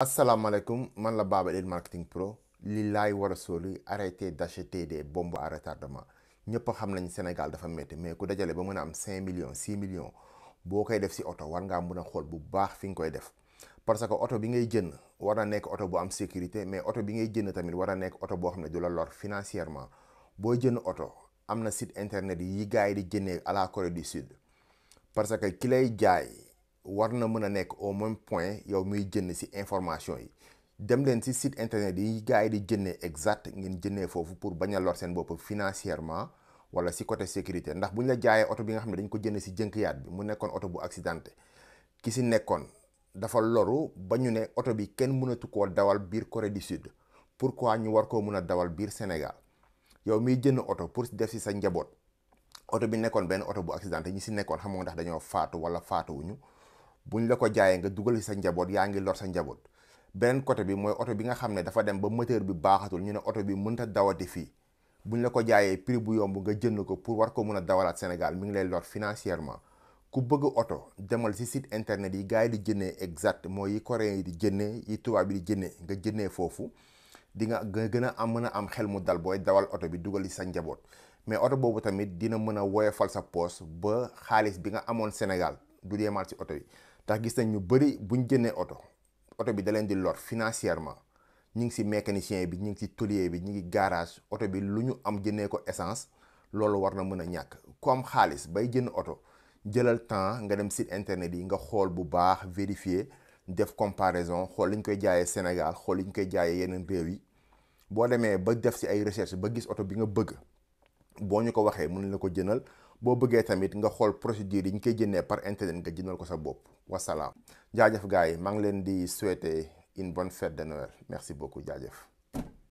asalaamaaleykum man la Baba Elite marketing pro li laay war a sóoli arrêter d'acheter bomb bombes à retardement ñëpp xam nañ Sénégal dafa métti mais ku dajale ba mën a am 5 millions 6 millions boo koy def si oto war ngaa mën a xool bu baax fi nga koy def parce que oto bi ngay jënd war na nekk oto boo am sécurité mais oto bi ngay jënd tamit war na nekk oto boo xam ne du la lor financièrement boo jën oto am na site internet yi gars yi di jëndee à la Corée du Sud parce que ki lay jaay. war na mën a nekk au même point yow muy jënd si information yi dem leen ci site internet yi gars yi di jëndee exact ngeen jëndee foofu pour bañ a lor seen bopp financièrement wala si côté sécurité ndax bu ñu la jaayee oto bi nga xam ne dañ ko jënd ci jënkiyaat bi mu nekkoon oto bu accidenté ki si nekkoon dafa loru ba ñu ne oto bi kenn mënatu koo dawal biir Corée du Sud pourquoi ñu war koo mën a dawal biir Sénégal yow miy jënd oto pour def ci sa njaboot oto bi nekkoon benn oto bu accidenté ñi ci nekkoon xamoo ndax dañoo faatu wala faatuwuñu bu ñu la ko jaayee nga dugal ci sa njaboot yaa ngi lor sa njaboot beneen côté bi mooy oto bi nga xam ne dafa dem ba moteur bi baaxatul ñu ne oto bi mënut a dawati fii buñ la ko jaayee prix bu yomb nga jënd ko pour war ko mën a dawalaat Sénégal mi ngi lay lor financièrement ku bëgg oto demal ci site internet yi gars yi di jëndee exact mooy yi coréen yi di jëndee yi tubaab yi di jëndee nga jëndee foofu di nga gën a am mën a am xel mu dal booy dawal oto bi dugal ci sa njaboot mais oto boobu tamit dina mën a woyofal sa poos ba xaalis bi nga amoon Sénégal du demal ci oto yi tax gis nañ ñu bëri ñu jëndee oto oto bi da leen di lor financièrement ñu ngi ci mécanicien bi ñu ngi ci tôlier bi ñu ngi garage oto bi lu ñu am jëndee ko essence loolu war na mën a ñàkk ku am xaalis bay jënd oto jëlal temps nga dem site internet yi nga xool bu baax vérifier def comparaison xool li ñu koy jaayee Sénégal xool li ñu koy jaayee yeneen réew yi boo demee ba def si ay recherche ba gis oto bi nga bëgg boo ñu ko waxee mën la ko jënal boo bëggee tamit nga xool procédure yi ñu koy jëndee par internet nga jëndal ko sa bopp wasalaam jaajëf gars yi maa ngi leen di souhaiter une bonne fête de Noël merci beaucoup jaajëf